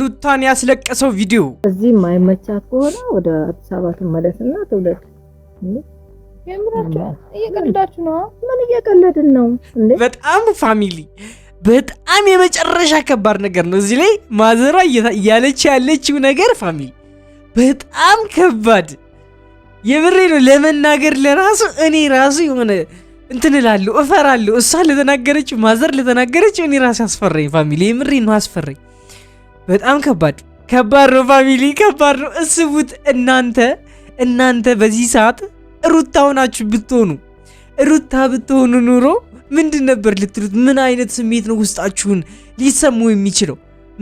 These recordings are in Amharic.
ሩታን ያስለቀሰው ቪዲዮ እዚህ የማይመቻት ከሆነ ወደ አዲስ አበባ ትመለስና ትውለድ። እየቀልዳችሁ ነው? ምን እየቀለድን ነው? በጣም ፋሚሊ በጣም የመጨረሻ ከባድ ነገር ነው። እዚህ ላይ ማዘሯ እያለች ያለችው ነገር ፋሚሊ በጣም ከባድ የብሬ ነው። ለመናገር ለራሱ እኔ ራሱ የሆነ እንትን እላለሁ፣ እፈራለሁ። እሷ ለተናገረችው ማዘር ለተናገረችው እኔ ራሱ ያስፈራኝ ፋሚሊ፣ የምሬ ነው አስፈራኝ። በጣም ከባድ ከባድ ነው ፋሚሊ፣ ከባድ ነው። እስቡት እናንተ እናንተ በዚህ ሰዓት ሩታ ሆናችሁ ብትሆኑ ሩታ ብትሆኑ ኑሮ ምንድን ነበር ልትሉት? ምን አይነት ስሜት ነው ውስጣችሁን ሊሰሙ የሚችለው?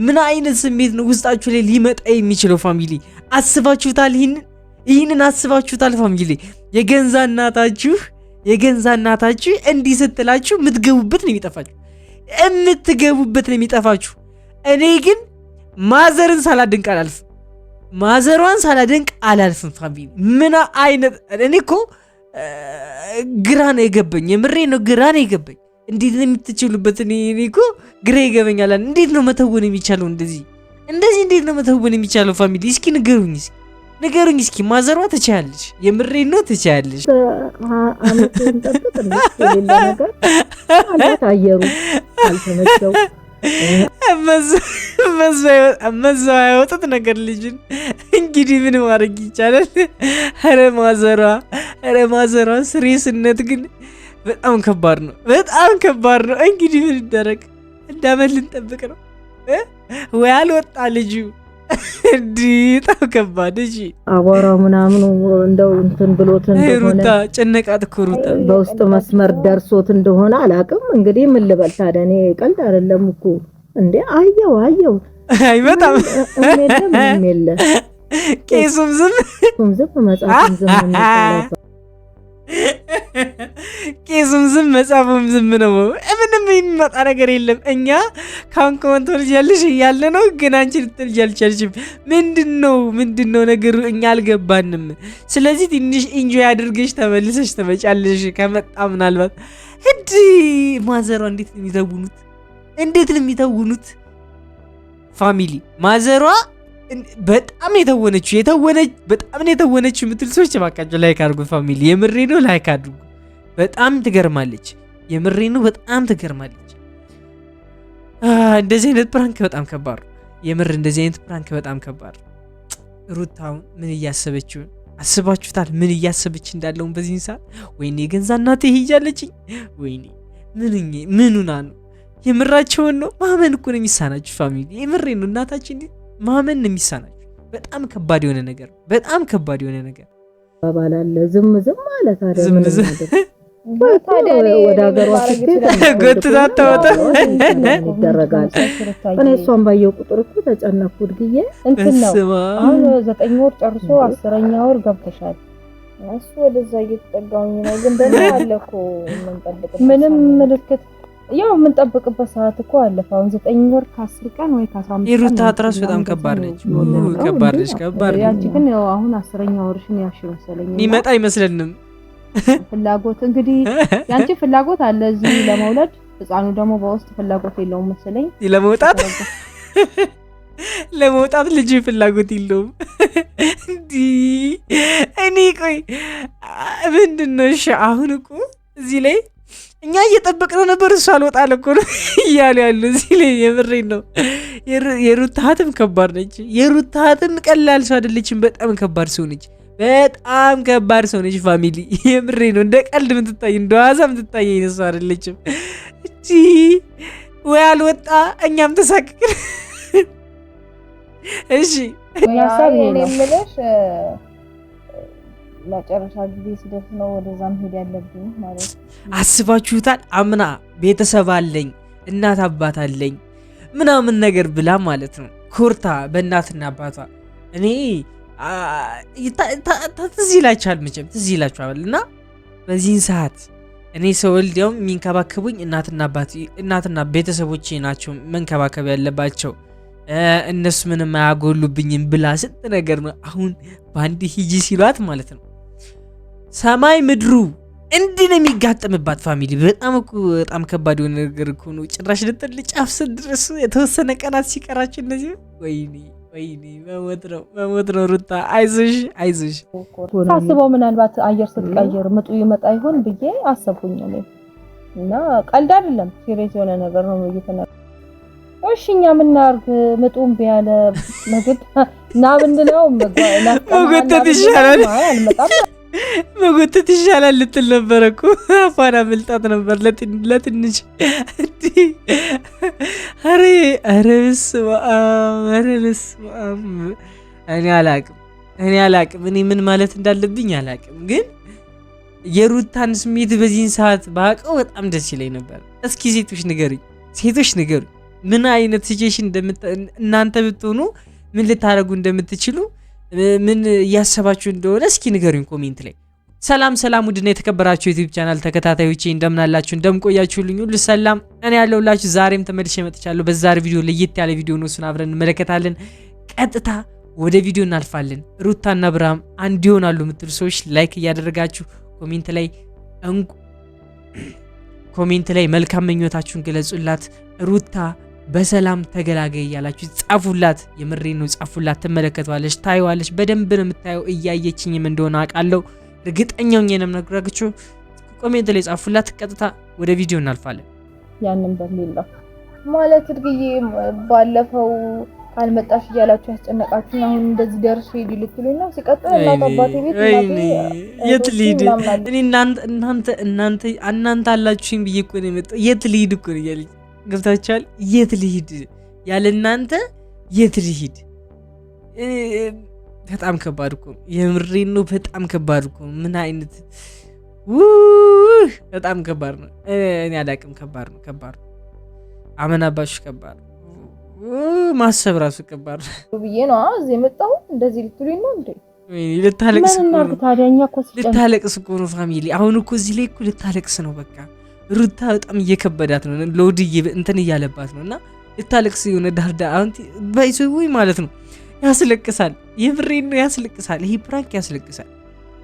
ምን አይነት ስሜት ነው ውስጣችሁ ላይ ሊመጣ የሚችለው? ፋሚሊ አስባችሁታል? ይህንን ይህንን አስባችሁታል? ፋሚሊ የገንዛ እናታችሁ የገንዛ እናታችሁ እንዲህ ስትላችሁ የምትገቡበት ነው የሚጠፋችሁ፣ የምትገቡበት ነው የሚጠፋችሁ። እኔ ግን ማዘርን ሳላድንቅ አላልፍ ማዘሯን ሳላድንቅ አላልፍም። ፋሚሊ ምን አይነት እኔ እኮ ግራ ነው የገባኝ። የምሬ ነው ግራ ነው የገባኝ። እንዴት ነው የምትችሉበት? እኔ እኮ ግራ ይገበኛል። እንዴት ነው መተወን የሚቻለው? እንደዚህ እንደዚህ እንዴት ነው መተወን የሚቻለው? ፋሚሊ እስኪ ንገሩኝ፣ እስኪ ንገሩኝ እስኪ ማዘሯ ትችያለሽ? የምሬ ነው ትችያለሽ። አየሩ አልተመቸው መዛዋ ያወጣት ነገር ልጅን እንግዲህ ምን ማድረግ ይቻላል? ኧረ ማዘሯ ኧረ ማዘሯ ስነት ግን በጣም ከባድ ነው፣ በጣም ከባድ ነው። እንግዲህ ምን ይደረግ? እንዳመት ልንጠብቅ ነው ወይ አልወጣ ልጁ እንዲህ በጣም ከባድ እ አቧራ ምናምኑ እንደው እንትን ብሎት ሩታ ጭነቃት እኮ ሩታ በውስጥ መስመር ደርሶት እንደሆነ አላውቅም። እንግዲህ ምን ልበል ታዲያ እኔ ቀልድ አይደለም እኮ እንዴ። አየው አየው አይመጣም ምንም የለ ቄሱም ዝም ቄሱም ዝም መጽሐፉም ዝም ቄሱም ዝም መጽሐፉም ዝም ነው የሚመጣ ነገር የለም። እኛ ካሁን ከሆን ትወልጃለሽ እያለ ነው፣ ግን አንቺ ልትወልጂ አልቻልሽም። ምንድን ነው ምንድን ነው ነገሩ? እኛ አልገባንም። ስለዚህ ትንሽ ኢንጆይ አድርገሽ ተመልሰሽ ትመጫለሽ። ከመጣ ምናልባት እድ ማዘሯ እንዴት ነው የሚተውኑት? እንዴት ነው የሚተውኑት? ፋሚሊ ማዘሯ በጣም የተወነችው የተወነች በጣም ነው የተወነችው የምትል ሰዎች እባካችሁ ላይክ አድርጉ። ፋሚሊ የምሬ ነው፣ ላይክ አድርጉ። በጣም ትገርማለች። የምሬኑ በጣም ትገርማለች። እንደዚህ አይነት ፕራንክ በጣም ከባድ ነው። የምር እንደዚህ አይነት ፕራንክ በጣም ከባድ ነው። ሩታውን ምን እያሰበችው አስባችሁታል? ምን እያሰበች እንዳለውን በዚህን ሰዓት ወይኔ የገንዛ እናቴ ሄጃለችኝ። ወይኔ ምንኝ ምኑና ነው የምራቸውን ነው ማመን እኮ ነው የሚሳናችሁ ፋሚሊ። የምሬ ነው እናታችን ማመን ነው የሚሳናችሁ። በጣም ከባድ የሆነ ነገር በጣም ከባድ የሆነ ነገር ዝም ዝም ማለት ዝም ዝም ወደ ሀገሯ ጎትታት ተወጣ ይደረጋል። እኔ እሷን ባየው ቁጥር እኮ ተጨነኩ። ድግዬ እንትን ነው አሁን ዘጠኝ ወር ጨርሶ አስረኛ ወር ገብተሻል። እሱ ወደዛ እየተጠጋሁኝ ነው፣ ግን ደግሞ አለ እኮ የምንጠብቅበት ምንም ምልክት ያው የምንጠብቅበት ሰዓት እኮ አለፈ። አሁን ዘጠኝ ወር ከአስር ቀን ወይ ከአስራ አምስት የሩታ ጥረስ በጣም ከባድ ነች፣ ከባድ ነች፣ ከባድ ነች። ያቺ ግን አሁን አስረኛ ወርሽን ያሽ መሰለኝ ይመጣ አይመስለንም ፍላጎት እንግዲህ ያንቺ ፍላጎት አለ እዚህ ለመውለድ፣ ህፃኑ ደግሞ በውስጥ ፍላጎት የለውም መሰለኝ ለመውጣት ለመውጣት ልጅ ፍላጎት የለውም። እንዲ እኔ ቆይ ምንድን ነው እሺ? አሁን እኮ እዚህ ላይ እኛ እየጠበቅነው ነበር፣ እሱ አልወጣል እኮ ነው እያሉ ያሉ እዚህ ላይ የምሬ ነው። የሩታሃትም ከባድ ነች። ሀትም ቀላል ሰው አይደለችም። በጣም ከባድ ሰው ነች። በጣም ከባድ ሰው ነች ፋሚሊ። የምሬ ነው። እንደ ቀልድ ምትታይ እንደ ዋዛ ምትታይ አይነሱ አይደለችም። እቺ ወይ አልወጣ እኛም ተሳክክን። እሺ የምልሽ መጨረሻ ጊዜ ሲደርስ ነው ወደዛም ሄድ ያለብኝ ማለት አስባችሁታል? አምና ቤተሰብ አለኝ እናት አባት አለኝ ምናምን ነገር ብላ ማለት ነው ኮርታ በእናትና አባቷ እኔ ትዝ ይላችኋል መቼም ትዝ ይላችኋል። እና በዚህን ሰዓት እኔ ሰው ወልዲያውም የሚንከባከቡኝ እናትና አባት ቤተሰቦቼ ናቸው መንከባከብ ያለባቸው እነሱ ምንም አያጎሉብኝም ብላ ስንት ነገር ነው አሁን በአንድ ሂጂ ሲሏት ማለት ነው ሰማይ ምድሩ እንዲህ ነው የሚጋጠምባት ፋሚሊ። በጣም እኮ በጣም ከባድ የሆነ ነገር እኮ ነው። ጭራሽ ልጥል ጫፍ ስድርስ የተወሰነ ቀናት ሲቀራቸው እነዚህ ወይኔ ወይኔ በሞት ነው በሞት ነው። ሩታ አይዞሽ አይዞሽ። ሳስበው ምናልባት አየር ስትቀይር ምጡ ይመጣ ይሆን ብዬ አሰብኩኝ እና ቀልድ አይደለም፣ ሲሬት የሆነ ነገር ነው እየተና እሺ፣ እኛ ምናርግ ምጡም ቢያለ ምግብ ና ብንለው መጎተት ይሻላል። መጎተት ይሻላል ልትል ነበረ እኮ አፏን አመልጣት ነበር ለትንሽ። ኧረ ኧረ በስመ አብ ኧረ በስመ አብ። እኔ አላቅም እኔ አላቅም እኔ ምን ማለት እንዳለብኝ አላቅም። ግን የሩታን ስሜት በዚህን ሰዓት ባውቀው በጣም ደስ ይለኝ ነበር። እስኪ ሴቶች ንገሩኝ፣ ሴቶች ንገሩኝ ምን አይነት ሲቹዌሽን እናንተ ብትሆኑ ምን ልታደርጉ እንደምትችሉ ምን እያሰባችሁ እንደሆነ እስኪ ንገሩኝ ኮሜንት ላይ። ሰላም ሰላም፣ ውድና የተከበራችሁ ዩቲዩብ ቻናል ተከታታዮቼ እንደምናላችሁ፣ እንደምቆያችሁልኝ ሁሉ ሰላም። እኔ ያለሁላችሁ ዛሬም ተመልሼ መጥቻለሁ። በዛሬ ቪዲዮ ለየት ያለ ቪዲዮ ነው፣ እሱን አብረን እንመለከታለን። ቀጥታ ወደ ቪዲዮ እናልፋለን። ሩታና አብርሃም አንድ ይሆናሉ የምትሉ ሰዎች ላይክ እያደረጋችሁ ኮሜንት ላይ ኮሜንት ላይ መልካም ምኞታችሁን ገለጹላት ሩታ በሰላም ተገላገይ እያላችሁ ጻፉላት። የምሬ ነው ጻፉላት። ትመለከተዋለች፣ ታየዋለች። በደንብ ነው የምታየው። እያየችኝም እንደሆነ አውቃለሁ። እርግጠኛው ኘንም ነግራችሁ ኮሜንት ላይ ጻፉላት። ቀጥታ ወደ ቪዲዮ እናልፋለን። ያንን በሚል ማለት እርግዬ ባለፈው አልመጣሽ እያላችሁ ያስጨነቃችሁ አሁን እንደዚህ ደርሼ ልትሉኝ ነው። ሲቀጥል እናት አባቴ ቤት የት ልሂድ እናንተ እናንተ እናንተ አላችሁኝ ብዬ እኮ ነው የመጣው የት ልሂድ እኮ ነው እያለኝ ገብታችኋል። የት ልሂድ ያለ እናንተ የት ልሂድ? በጣም ከባድ እኮ የምሬ ነው። በጣም ከባድ እኮ ምን አይነት በጣም ከባድ ነው። እኔ አላቅም። ከባድ ነው፣ ከባድ ነው። አመናባችሁ ከባድ ነው። ማሰብ ራሱ ከባድ ነው ብዬ ነው እዚህ የመጣሁ። እንደዚህ ልትሉኝ ነው እንዴ? ልታለቅስ እኮ ነው ፋሚሊ። አሁን እኮ እዚህ ላይ እኮ ልታለቅስ ነው በቃ ሩታ በጣም እየከበዳት ነው፣ ለውድ እንትን እያለባት ነው እና ልታለቅስ የሆነ ዳርዳ አሁን ወይ ማለት ነው ያስለቅሳል። የብሬን ነው ያስለቅሳል። ይሄ ፕራንክ ያስለቅሳል።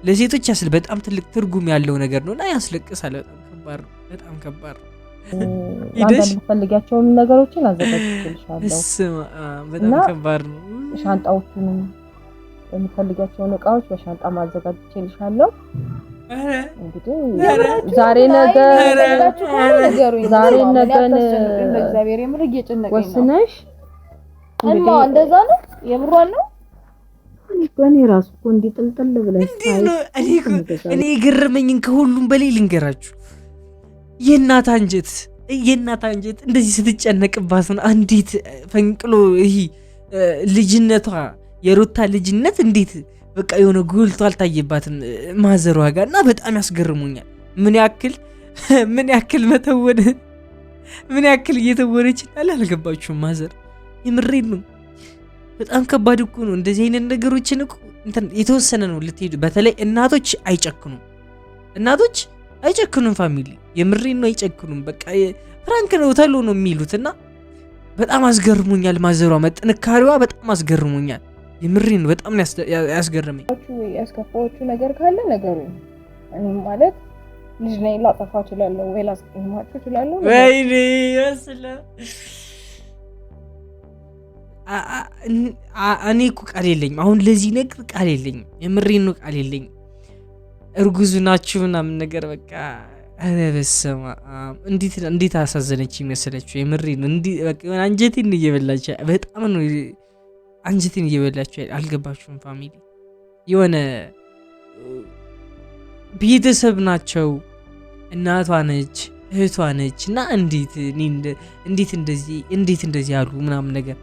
ለሴቶች ያስል በጣም ትልቅ ትርጉም ያለው ነገር ነው እና ያስለቅሳል። በጣም ከባድ ነው። በጣም ከባድ ነው። አንዳንድ ነገሮችን አዘጋጅልሻለሁ ሻንጣዎቹንም የምትፈልጊያቸውን እቃዎች በሻንጣ ማዘጋጅልሻለሁ ዛሬ ነገ ዛሬ ነገን ወስነሽ እማ እንደዛ ነው የምሯን ነው። ራሱ እኮ እንዲህ ጥልጥል ብለሽ እኔ የገረመኝን ከሁሉም በላይ ልንገራችሁ። የእናት አንጀት የእናት አንጀት እንደዚህ ስትጨነቅባት ነው። አንዴት ፈንቅሎ ልጅነቷ የሩታ ልጅነት እንዴት በቃ የሆነ ጎልቶ አልታየባትም ማዘሯ ጋር እና በጣም ያስገርሙኛል። ምን ያክል ምን ያክል መተወን ምን ያክል እየተወነች እንዳለ አልገባችሁም? ማዘር የምሬን ነው። በጣም ከባድ እኮ ነው። እንደዚህ አይነት ነገሮችን እኮ የተወሰነ ነው ልትሄዱ። በተለይ እናቶች አይጨክኑም፣ እናቶች አይጨክኑም። ፋሚሊ የምሬን ነው፣ አይጨክኑም። በቃ ፍራንክ ነው ተሎ ነው የሚሉት እና በጣም አስገርሙኛል። ማዘሯ ጥንካሬዋ በጣም አስገርሙኛል። የምሬን በጣም ያስገረመኝ ያስከፋዎቹ ነገር ካለ ነገሩ ማለት ልጅ ነኝ ላጠፋ እችላለሁ ወይ ላስቀይማችሁ እችላለሁ። ወይኔ ስለ እኔ እኮ ቃል የለኝም። አሁን ለዚህ ነገር ቃል የለኝም። የምሬን ቃል የለኝም። እርጉዝ ናችሁ ምናምን ነገር በቃ ኧረ በስመ አብ እንዴት አሳዘነች መሰለችው። የምሬን ነው አንጀቴን እየበላች በጣም ነው አንጀቴን እየበላቸው አልገባችሁም? ፋሚሊ የሆነ ቤተሰብ ናቸው። እናቷ ነች፣ እህቷ ነች እና እንዴት እንዴት እንደዚህ እንዴት እንደዚህ አሉ ምናምን ነገር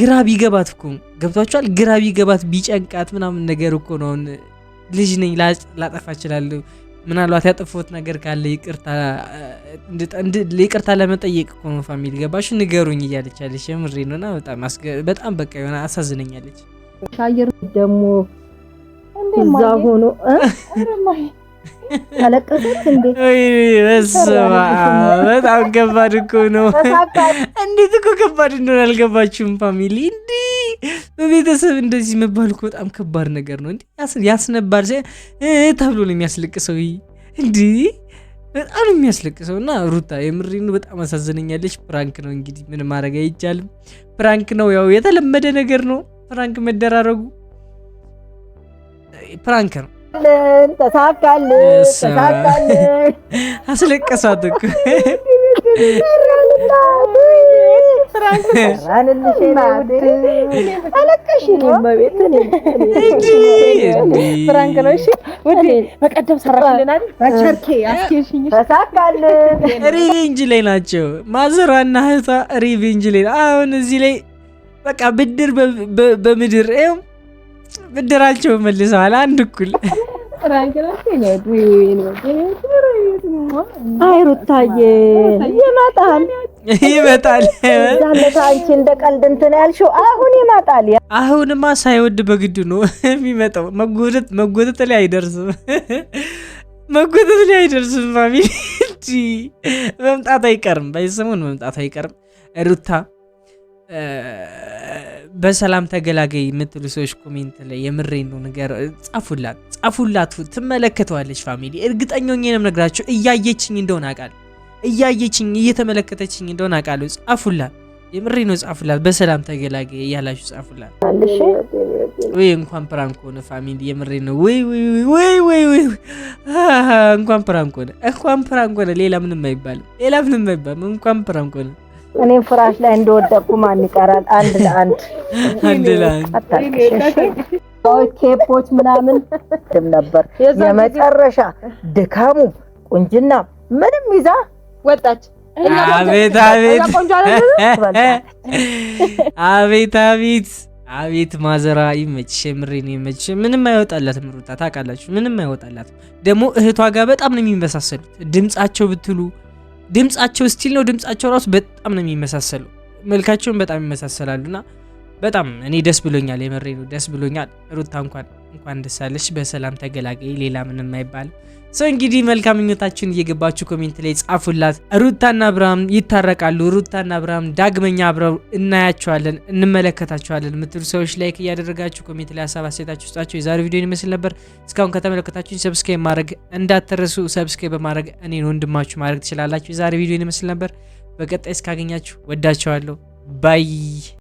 ግራ ቢገባት እኮ ገብቷችኋል። ግራ ቢገባት ቢጨንቃት ምናምን ነገር እኮ ነውን ልጅ ነኝ ላጠፋ እችላለሁ ምናልባት ያጠፉት ነገር ካለ ይቅርታ ለመጠየቅ እኮ ፋሚሊ ገባሽ፣ ንገሩኝ እያለቻለች የምሬ ነውና በጣም በቃ የሆነ አሳዝነኛለች። ሻየር ደግሞ እዛ ሆኖ በጣም ከባድ እኮ ነው። እንዴት እኮ ከባድ እንደሆነ አልገባችሁም? ፋሚሊ እንዲህ በቤተሰብ እንደዚህ መባል እኮ በጣም ከባድ ነገር ነው። ያስነባል ተብሎ ነው የሚያስለቅሰው። እንዲህ በጣም የሚያስለቅሰው እና ሩታ የምሬን በጣም አሳዘነኛለች። ፕራንክ ነው እንግዲህ ምን ማድረግ አይቻልም። ፕራንክ ነው ያው የተለመደ ነገር ነው። ፕራንክ መደራረጉ ፕራንክ ነው ተሳካልን፣ ተሳካልን፣ ተሳካልን። አስለቀሳት እኮ ፍራንክ ላይ ናቸው ማዘሯና እህቷ ላይ አሁን እዚህ ላይ በቃ ብድር በምድር ይኸው ብድራቸው መልሰዋል። አንድ እኩል አይ ይመጣል ይመጣል። አንቺ እንደ ቀልድ እንትን ያልሽው አሁን ይመጣል። አሁንማ ሳይወድ በግድ ነው የሚመጣው። መጎተት መጎተት ላይ አይደርስም። መጎተት ላይ አይደርስም። ፋሚሊ እንጂ መምጣት አይቀርም። ባይሰሙን መምጣት አይቀርም ሩታ በሰላም ተገላገይ የምትሉ ሰዎች ኮሜንት ላይ የምሬን ነው ነገር ጻፉላት፣ ጻፉላት። ትመለከተዋለች ፋሚሊ፣ እርግጠኛ ሆኜ ነው የምነግራችሁ። እያየችኝ እንደሆነ አውቃለሁ፣ እያየችኝ እየተመለከተችኝ እንደሆነ አውቃለሁ። ጻፉላት፣ የምሬ ነው ጻፉላት። በሰላም ተገላገይ እያላችሁ ጻፉላት። ወይ እንኳን ፕራንክ ሆነ ፋሚሊ፣ የምሬ ነው። ወይ ወይ ወይ ወይ ወይ፣ እንኳን ፕራንክ ሆነ፣ እንኳን ፕራንክ ሆነ። ሌላ ምንም አይባልም፣ ሌላ ምንም አይባልም። እንኳን ፕራንክ ሆነ። እኔም ፍራሽ ላይ እንደወደቅኩ ማን ይቀራል? አንድ ለአንድ አንድ ለአንድ ኬፖች ምናምን ድም ነበር። የመጨረሻ ድካሙ ቁንጅና ምንም ይዛ ወጣች። አቤት አቤት አቤት አቤት አቤት ማዘራ ይመችሽ። የምሬን ይመችሽ። ምንም አይወጣላትም ሩታ ታውቃላችሁ። ምንም አይወጣላትም። ደግሞ እህቷ ጋር በጣም ነው የሚመሳሰሉት ድምጻቸው ብትሉ ድምጻቸው ስቲል ነው ድምጻቸው ራሱ በጣም ነው የሚመሳሰሉ መልካቸውን በጣም ይመሳሰላሉና በጣም እኔ ደስ ብሎኛል። የመሬ ነው ደስ ብሎኛል። ሩታ እንኳን እንኳን ደሳለች፣ በሰላም ተገላገይ። ሌላ ምንም አይባልም። ሰው እንግዲህ መልካም ምኞታችሁን እየገባችሁ ኮሜንት ላይ ጻፉላት። ሩታና አብርሃም ይታረቃሉ፣ ሩታና አብርሃም ዳግመኛ አብረው እናያቸዋለን፣ እንመለከታቸዋለን ምትሉ ሰዎች ላይክ እያደረጋችሁ ኮሜንት ላይ ሀሳብ አስተያየታችሁ ስጣችሁ። የዛሬ ቪዲዮ ይመስል ነበር። እስካሁን ከተመለከታችሁኝ ሰብስክራይብ ማድረግ እንዳትረሱ። ሰብስክራይብ በማድረግ እኔን ወንድማችሁ ማድረግ ትችላላችሁ። የዛሬ ቪዲዮ ይመስል ነበር። በቀጣይ እስካገኛችሁ ወዳቸዋለሁ። ባይ